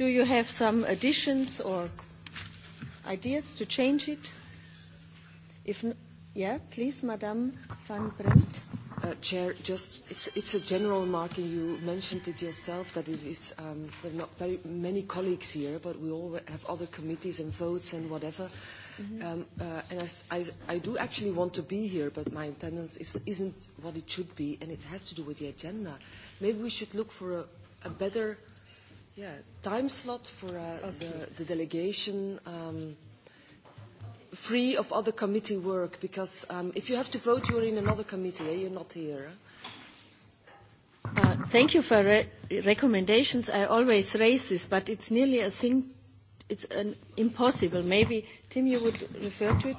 Do you have some additions or ideas to change it? If, yeah, please, Madame van Brent. Chair, just it's a general remark, and you mentioned it yourself that it is there are not very many colleagues here, but we all have other committees and votes and whatever. And I I do actually want to be here, but my attendance is isn't what it should be, and it has to do with the agenda. Maybe we should look for a a better Yeah, time slot for the delegation free of other committee work because if you have to vote you're in another committee you're not here thank you for recommendations i always raise this but it's nearly a thing it's impossible maybe tim you would refer to it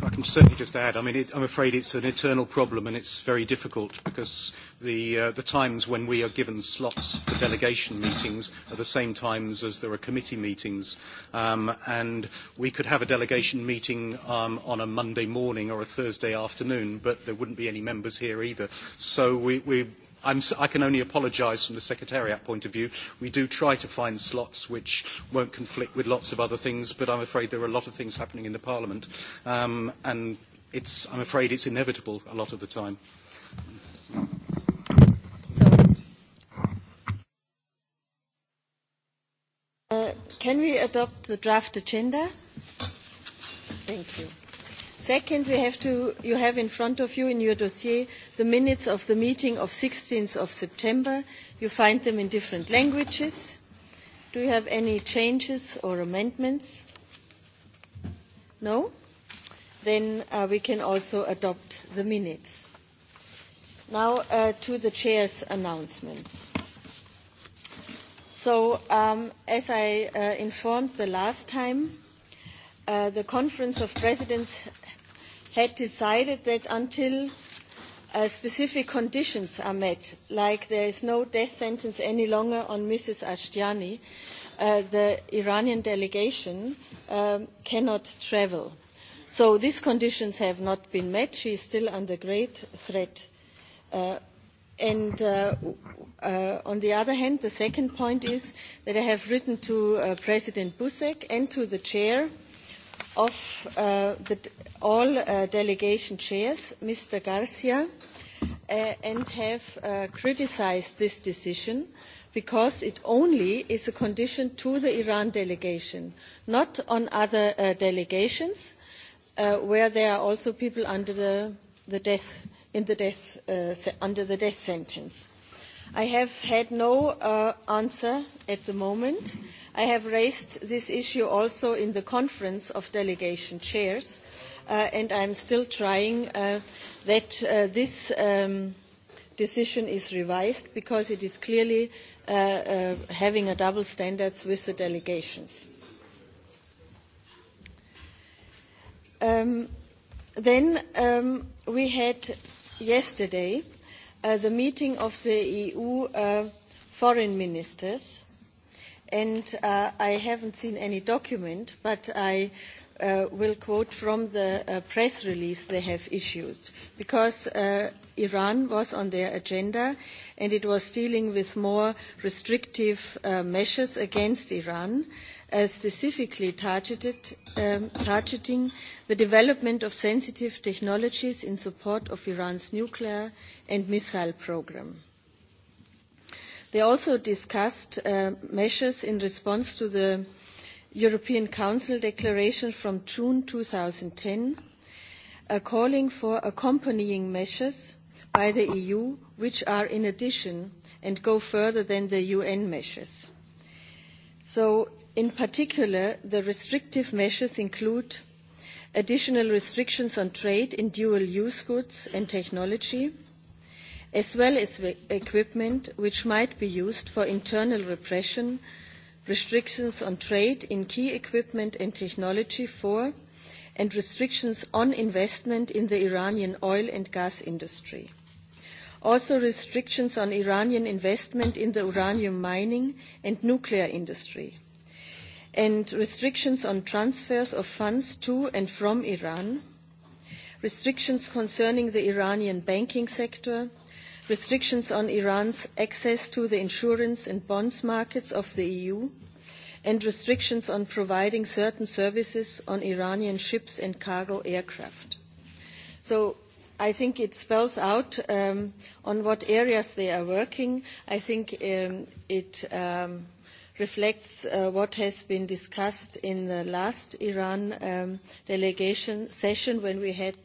I can certainly just add. I mean, it, I'm afraid it's an eternal problem, and it's very difficult because the uh, the times when we are given slots for delegation meetings are the same times as there are committee meetings, um, and we could have a delegation meeting um, on a Monday morning or a Thursday afternoon, but there wouldn't be any members here either. So we, we I can only apologise from the Secretariat point of view. We do try to find slots which won't conflict with lots of other things, but I'm afraid there are a lot of things happening in the Parliament, and I'm afraid it's inevitable a lot of the time. Can we adopt the draft agenda? Thank you. Second, we have to, you have in front of you in your dossier the minutes of the meeting of 16th of September. You find them in different languages. Do you have any changes or amendments? No? Then we can also adopt the minutes. Now to the chair's announcements. So, as I informed the last time, the Conference of Presidents had decided that until specific conditions are met, like there is no death sentence any longer on Mrs. Ashtiani, the Iranian delegation cannot travel. So these conditions have not been met. She is still under great threat. And on the other hand, the second point is that I have written to President Buzek and to the chair of all delegation chairs, Mr. Garcia, and have criticized this decision because it only is a condition to the Iran delegation, not on other delegations where there are also people under the death sentence. I have had no answer at the moment. I have raised this issue also in the Conference of Delegation Chairs, and I am still trying that this decision is revised because it is clearly having a double standards with the delegations. Then we had yesterday the meeting of the EU foreign ministers, and I haven't seen any document, but I will quote from the press release they have issued, because Iran was on their agenda and it was dealing with more restrictive measures against Iran, specifically targeting the development of sensitive technologies in support of Iran's nuclear and missile program. They also discussed measures in response to the European Council declaration from June 2010 calling for accompanying measures by the EU which are in addition and go further than the UN measures. So in particular the restrictive measures include additional restrictions on trade in dual use goods and technology as well as equipment which might be used for internal repression restrictions on trade in key equipment and technology for and restrictions on investment in the Iranian oil and gas industry. Also restrictions on Iranian investment in the uranium mining and nuclear industry and restrictions on transfers of funds to and from Iran, restrictions concerning the Iranian banking sector, restrictions on Iran's access to the insurance and bonds markets of the EU, and restrictions on providing certain services on Iranian ships and cargo aircraft. So I think it spells out on what areas they are working. I think it reflects what has been discussed in the last Iran delegation session when we had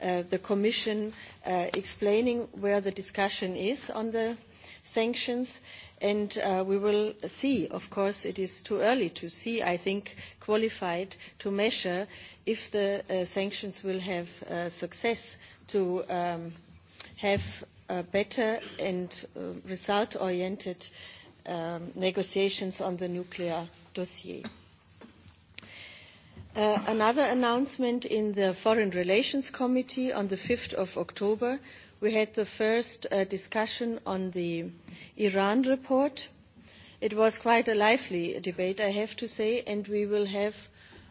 the Commission explaining where the discussion is on the sanctions. And we will see, of course, it is too early to see, I think, qualified to measure if the sanctions will have success to have better and result-oriented negotiations on the nuclear dossier. Another announcement in the Foreign Relations Committee on the 5th of October, we had the first discussion on the Iran report. It was quite a lively debate, I have to say, and we will have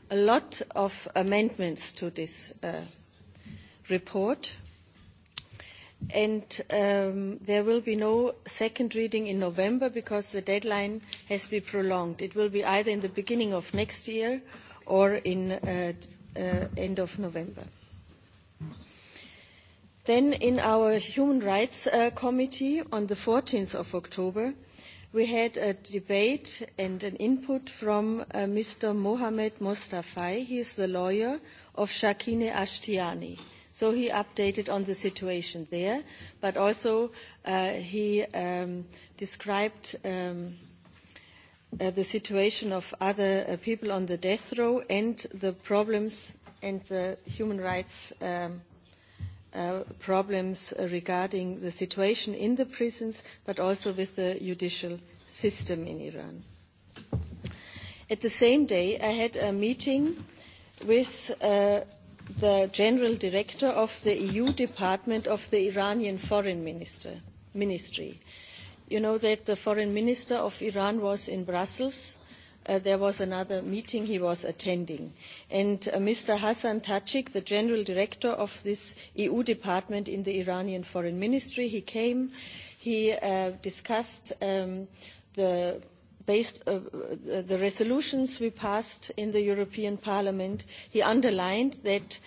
a lot of amendments to this report. And there will be no second reading in November because the deadline has been prolonged. It will be either in the beginning of next year or in end of November. Then in our Human Rights Committee on the 14th of October, we had a debate and an input from Mr. Mohamed Mostafai. He is the lawyer of Shakine Ashtiani. So he updated on the situation there, but also he described the situation of other people on the death row and the problems and the human rights problems regarding the situation in the prisons, but also with the judicial system in Iran. At the same day, I had a meeting with the General Director of the EU Department of the Iranian Foreign Ministry You know that the foreign minister of Iran was in Brussels. There was another meeting he was attending. And Mr. Hassan Tajik, the general director of this EU department in the Iranian foreign ministry, he came. He discussed the based on the resolutions we passed in the European Parliament, he underlined that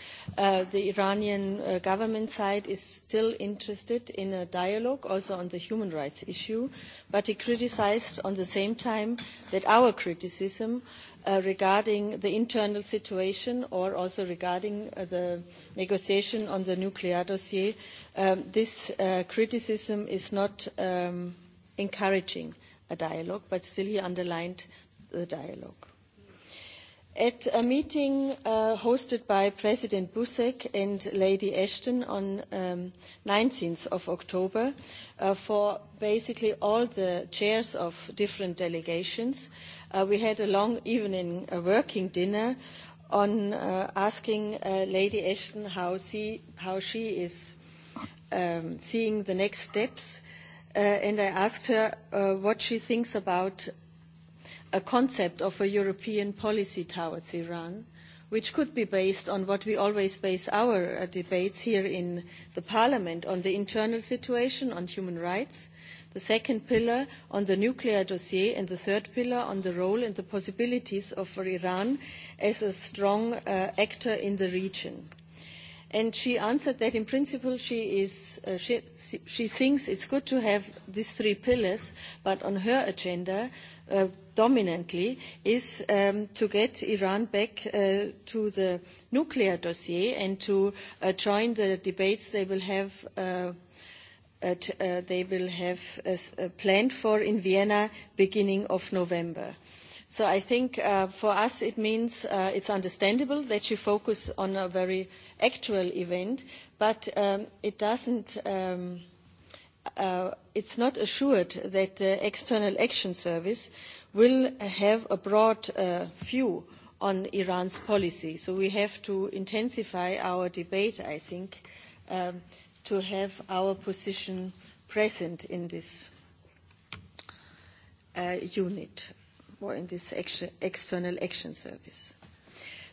the Iranian government side is still interested in a dialogue also on the human rights issue, but he criticized at the same time that our criticism regarding the internal situation or also regarding the negotiation on the nuclear dossier, this criticism is not encouraging a dialogue, but still he underlined the dialogue. At a meeting hosted by President Busek and Lady Ashton on 19th of October for basically all the chairs of different delegations, we had a long evening working dinner on asking Lady Ashton how she is seeing the next steps and I asked her what she thinks about a concept of a European policy towards Iran, which could be based on what we always base our debates here in the Parliament on the internal situation, on human rights, the second pillar on the nuclear dossier, and the third pillar on the role and the possibilities of Iran as a strong actor in the region and she answered that in principle she is she thinks it's good to have these three pillars but on her agenda dominantly is to get iran back to the nuclear dossier and to join the debates they will have they will have planned for in vienna beginning of november so i think for us it means it's understandable that she focuses on a very actual event, but it doesn't it's not assured that the External Action Service will have a broad view on Iran's policy. So we have to intensify our debate, I think, to have our position present in this unit or in this External Action Service.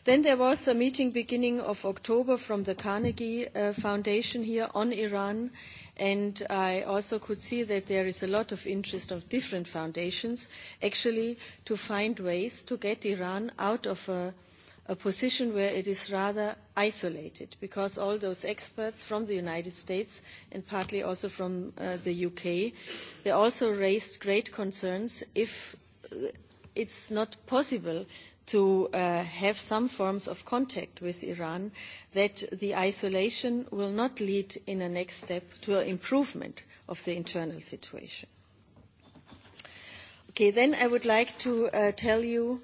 Then there was a meeting beginning of October from the Carnegie Foundation here on Iran, and I also could see that there is a lot of interest of different foundations actually to find ways to get Iran out of a position where it is rather isolated because all those experts from the United States and partly also from the UK, they also raised great concerns if it's not possible to have some forms of contact with Iran, that the isolation will not lead in a next step to an improvement of the internal situation. Okay, then I would like to tell you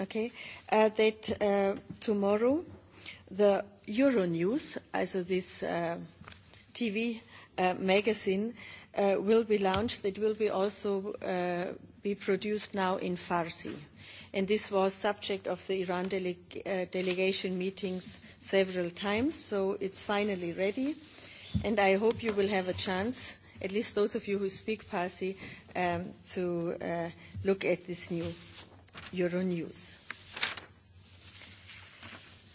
okay, that tomorrow the Euronews, also this TV magazine, will be launched. It will also be produced now in Farsi and this was subject of the Iran delegation meetings several times, so it's finally ready, and I hope you will have a chance, at least those of you who speak Parsi, to look at this new Euronews.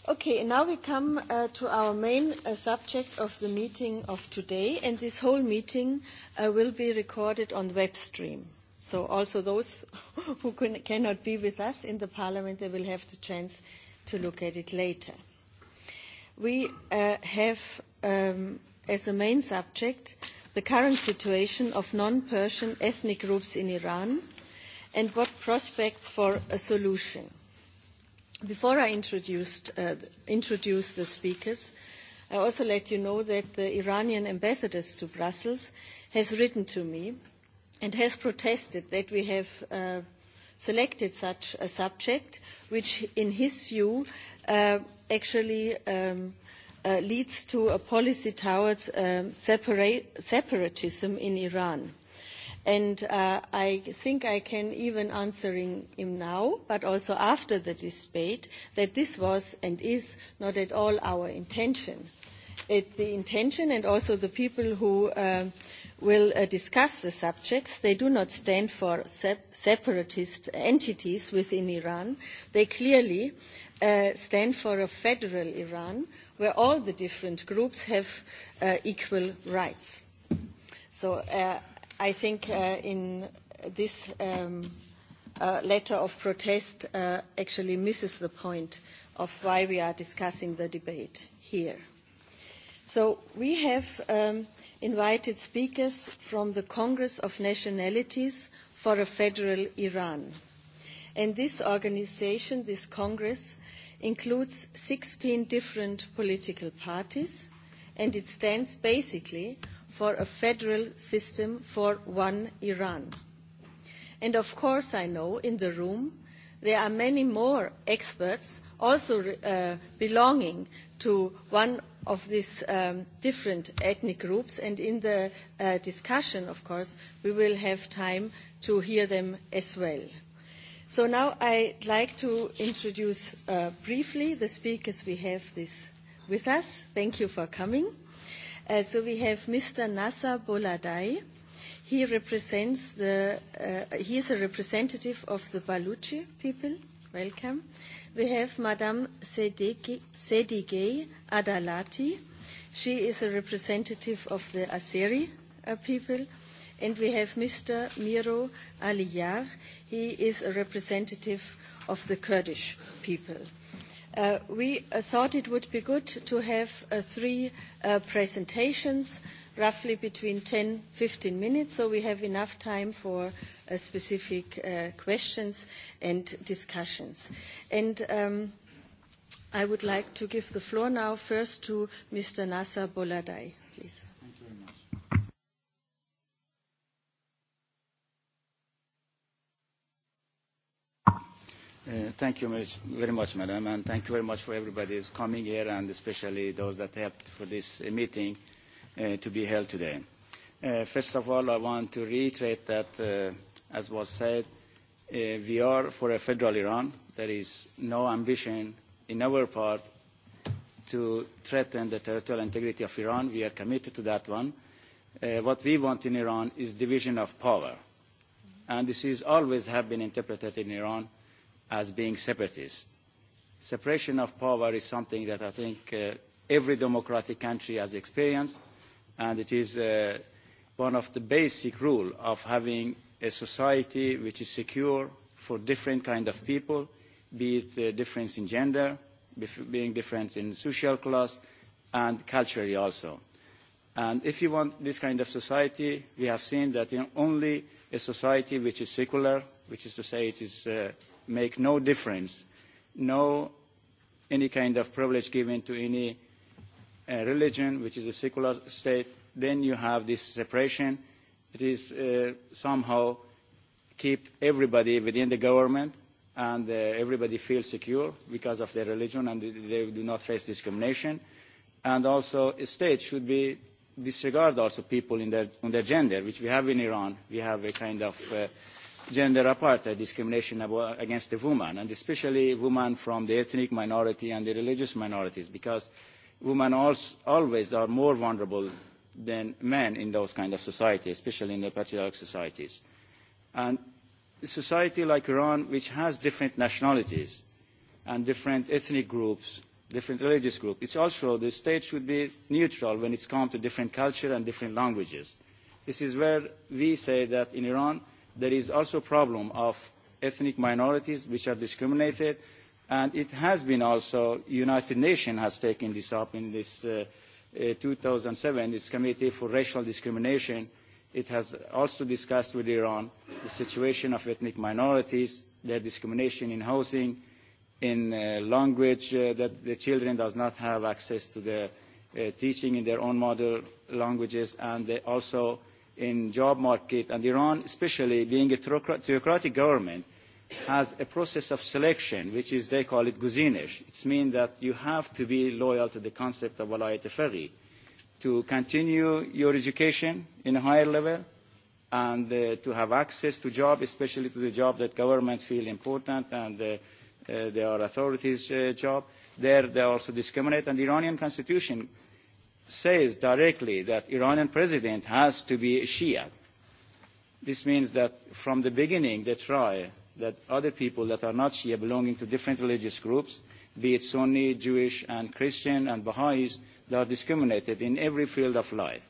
Okay, and now we come to our main subject of the meeting of today, and this whole meeting will be recorded on web stream. So also those who cannot be with us in the Parliament, they will have the chance to look at it later. We have as a main subject the current situation of non-Persian ethnic groups in Iran and what prospects for a solution. Before I introduce the speakers, I also let you know that the Iranian ambassador to Brussels has written to me and has protested that we have selected such a subject, which in his view actually leads to a policy towards separatism in Iran. And I think I can even answer him now, but also after the debate, that this was and is not at all our intention. The intention and also the people who will discuss the subjects. They do not stand for separatist entities within Iran. They clearly stand for a federal Iran where all the different groups have equal rights. So I think in this letter of protest actually misses the point of why we are discussing the debate here. So we have invited speakers from the Congress of Nationalities for a Federal Iran. And this organization, this Congress, includes 16 different political parties, and it stands basically for a federal system for one Iran. And of course I know in the room there are many more experts also belonging to one of these different ethnic groups and in the discussion of course we will have time to hear them as well. So now I'd like to introduce briefly the speakers we have this with us. Thank you for coming. So we have Mr. Nasa Boladai. He represents the, he is a representative of the Baluchi people. Welcome we have Madame Sedigeh Adalati. She is a representative of the Azeri people. And we have Mr. Miro Aliyar. He is a representative of the Kurdish people. We thought it would be good to have three presentations roughly between 10-15 minutes, so we have enough time for specific questions and discussions. And I would like to give the floor now first to Mr. Nasser Boladai, please. Thank you very much, madam, and thank you very much for everybody who's coming here, and especially those that helped for this meeting to be held today. First of all, I want to reiterate that, as was said, we are for a federal Iran. There is no ambition in our part to threaten the territorial integrity of Iran. We are committed to that one. What we want in Iran is division of power. And this has always been interpreted in Iran as being separatist. Separation of power is something that I think every democratic country has experienced and it is one of the basic rules of having a society which is secure for different kinds of people, be it difference in gender, being different in social class, and culturally also. And if you want this kind of society, we have seen that only a society which is secular, which is to say it is make no difference, no any kind of privilege given to any religion, which is a secular state, then you have this separation. It is somehow keep everybody within the government and everybody feels secure because of their religion and they do not face discrimination. And also a state should be disregard also people in their, on their gender, which we have in Iran. We have a kind of gender apartheid discrimination against the woman, and especially women from the ethnic minority and the religious minorities, because women always are more vulnerable than men in those kind of societies, especially in the patriarchal societies. And a society like Iran, which has different nationalities and different ethnic groups, different religious groups, it's also the state should be neutral when it comes to different culture and different languages. This is where we say that in Iran there is also a problem of ethnic minorities which are discriminated and it has been also the united nations has taken this up in this 2007 its committee for racial discrimination it has also discussed with iran the situation of ethnic minorities their discrimination in housing in language that the children do not have access to the teaching in their own mother languages and also in the job market and iran especially being a theocratic government has a process of selection, which is, they call it guzinish. It means that you have to be loyal to the concept of walayat fari to continue your education in a higher level and to have access to job, especially to the job that government feel important and their authorities' job. There they also discriminate. And the Iranian constitution says directly that Iranian president has to be a Shia. This means that from the beginning they try that other people that are not Shia belonging to different religious groups, be it Sunni, Jewish and Christian and Baha'is, they are discriminated in every field of life.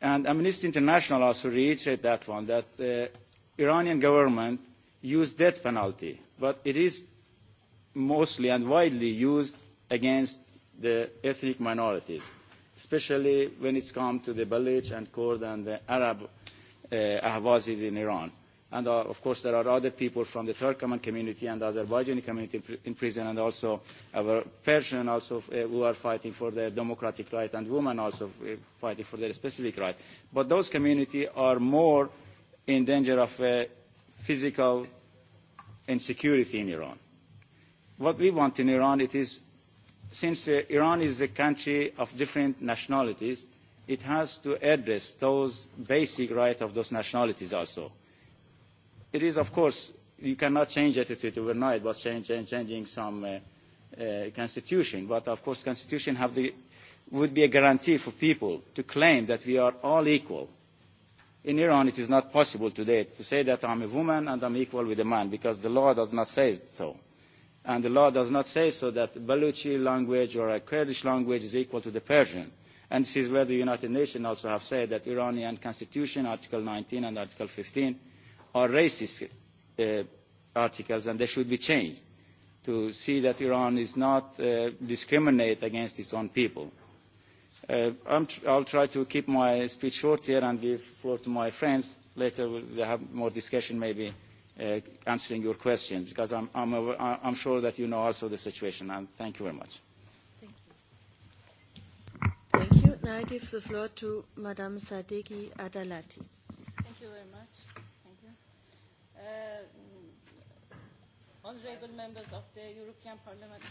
And Amnesty International also reiterated that one, that the Iranian government used death penalty, but it is mostly and widely used against the ethnic minorities, especially when it comes to the Baloch and Kurd and the Arab Ahwazis in Iran and of course there are other people from the Turkmen community and the Azerbaijani community in prison and also our Persian also who are fighting for their democratic right and women also fighting for their specific right. But those communities are more in danger of physical insecurity in Iran. What we want in Iran it is since Iran is a country of different nationalities, it has to address those basic rights of those nationalities also it is of course you cannot change attitude overnight by changing some constitution but of course constitution would be a guarantee for people to claim that we are all equal. In Iran it is not possible today to say that I am a woman and I am equal with a man because the law does not say so. And the law does not say so that Baluchi language or a Kurdish language is equal to the Persian. And this is where the United Nations also have said that Iranian constitution, Article 19 and Article 15, are racist articles and they should be changed to see that Iran is not discriminate against its own people. I'll try to keep my speech short here and give floor to my friends. Later will have more discussion maybe answering your questions because I'm sure that you know also the situation and thank you very much. Thank you. Now I give the floor to Madame Sadeghi Adalati. Thank you very much honorable members of the European Parliament,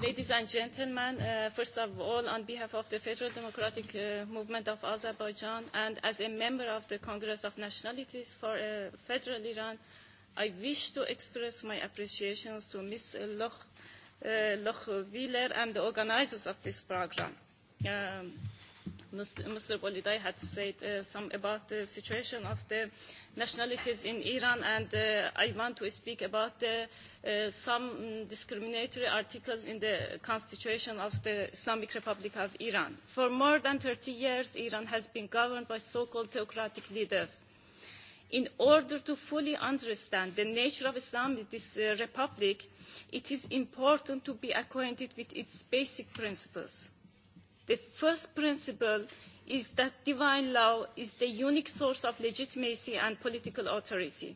ladies and gentlemen, first of all, on behalf of the Federal Democratic Movement of Azerbaijan and as a member of the Congress of Nationalities for Federal Iran, I wish to express my appreciations to Ms. Loch Wheeler and the organizers of this program. Mr. Bolidai had said some about the situation of the nationalities in Iran, and I want to speak about some discriminatory articles in the constitution of the Islamic Republic of Iran. For more than 30 years, Iran has been governed by so-called theocratic leaders. In order to fully understand the nature of Islam in this republic, it is important to be acquainted with its basic principles The first principle is that divine law is the unique source of legitimacy and political authority.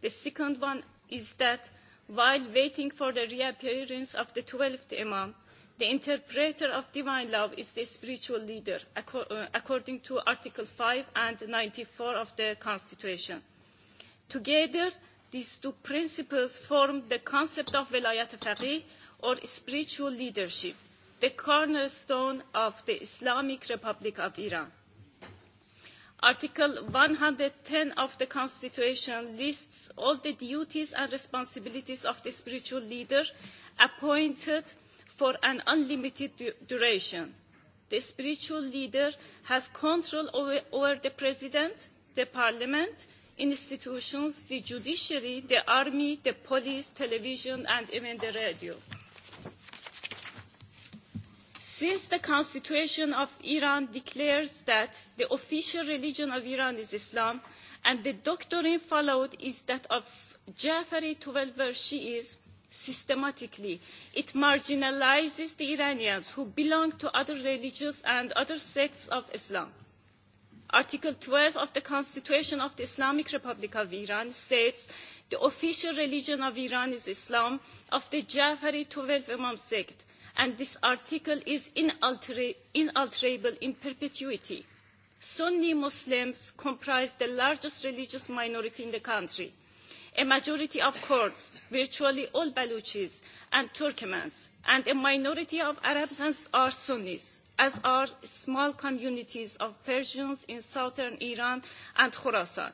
The second one is that while waiting for the reappearance of the twelfth Imam, the interpreter of divine law is the spiritual leader, according to Article 5 and 94 of the Constitution. Together, these two principles form the concept of velayat faqih, or spiritual leadership the cornerstone of the Islamic Republic of Iran. Article 110 of the Constitution lists all the duties and responsibilities of the spiritual leader appointed for an unlimited duration. The spiritual leader has control over the President, the Parliament, institutions, the judiciary, the army, the police, television and even the radio. Since the Constitution of Iran declares that the official religion of Iran is Islam, and the doctrine followed is that of Jafari she is, systematically. It marginalises the Iranians who belong to other religions and other sects of Islam. Article 12 of the Constitution of the Islamic Republic of Iran states the official religion of Iran is Islam of the Jafari twelve Imam sect and this article is inalterable in perpetuity. Sunni Muslims comprise the largest religious minority in the country. A majority of Kurds, virtually all Baluchis and Turkmens, and a minority of Arabs are Sunnis, as are small communities of Persians in southern Iran and Khorasan.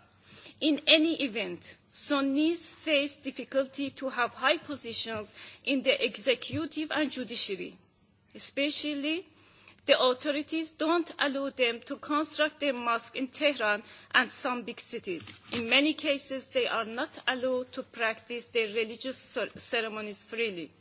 In any event, Sunnis face difficulty to have high positions in the executive and judiciary. Especially, the authorities don't allow them to construct their mosques in Tehran and some big cities. In many cases, they are not allowed to practice their religious ceremonies freely.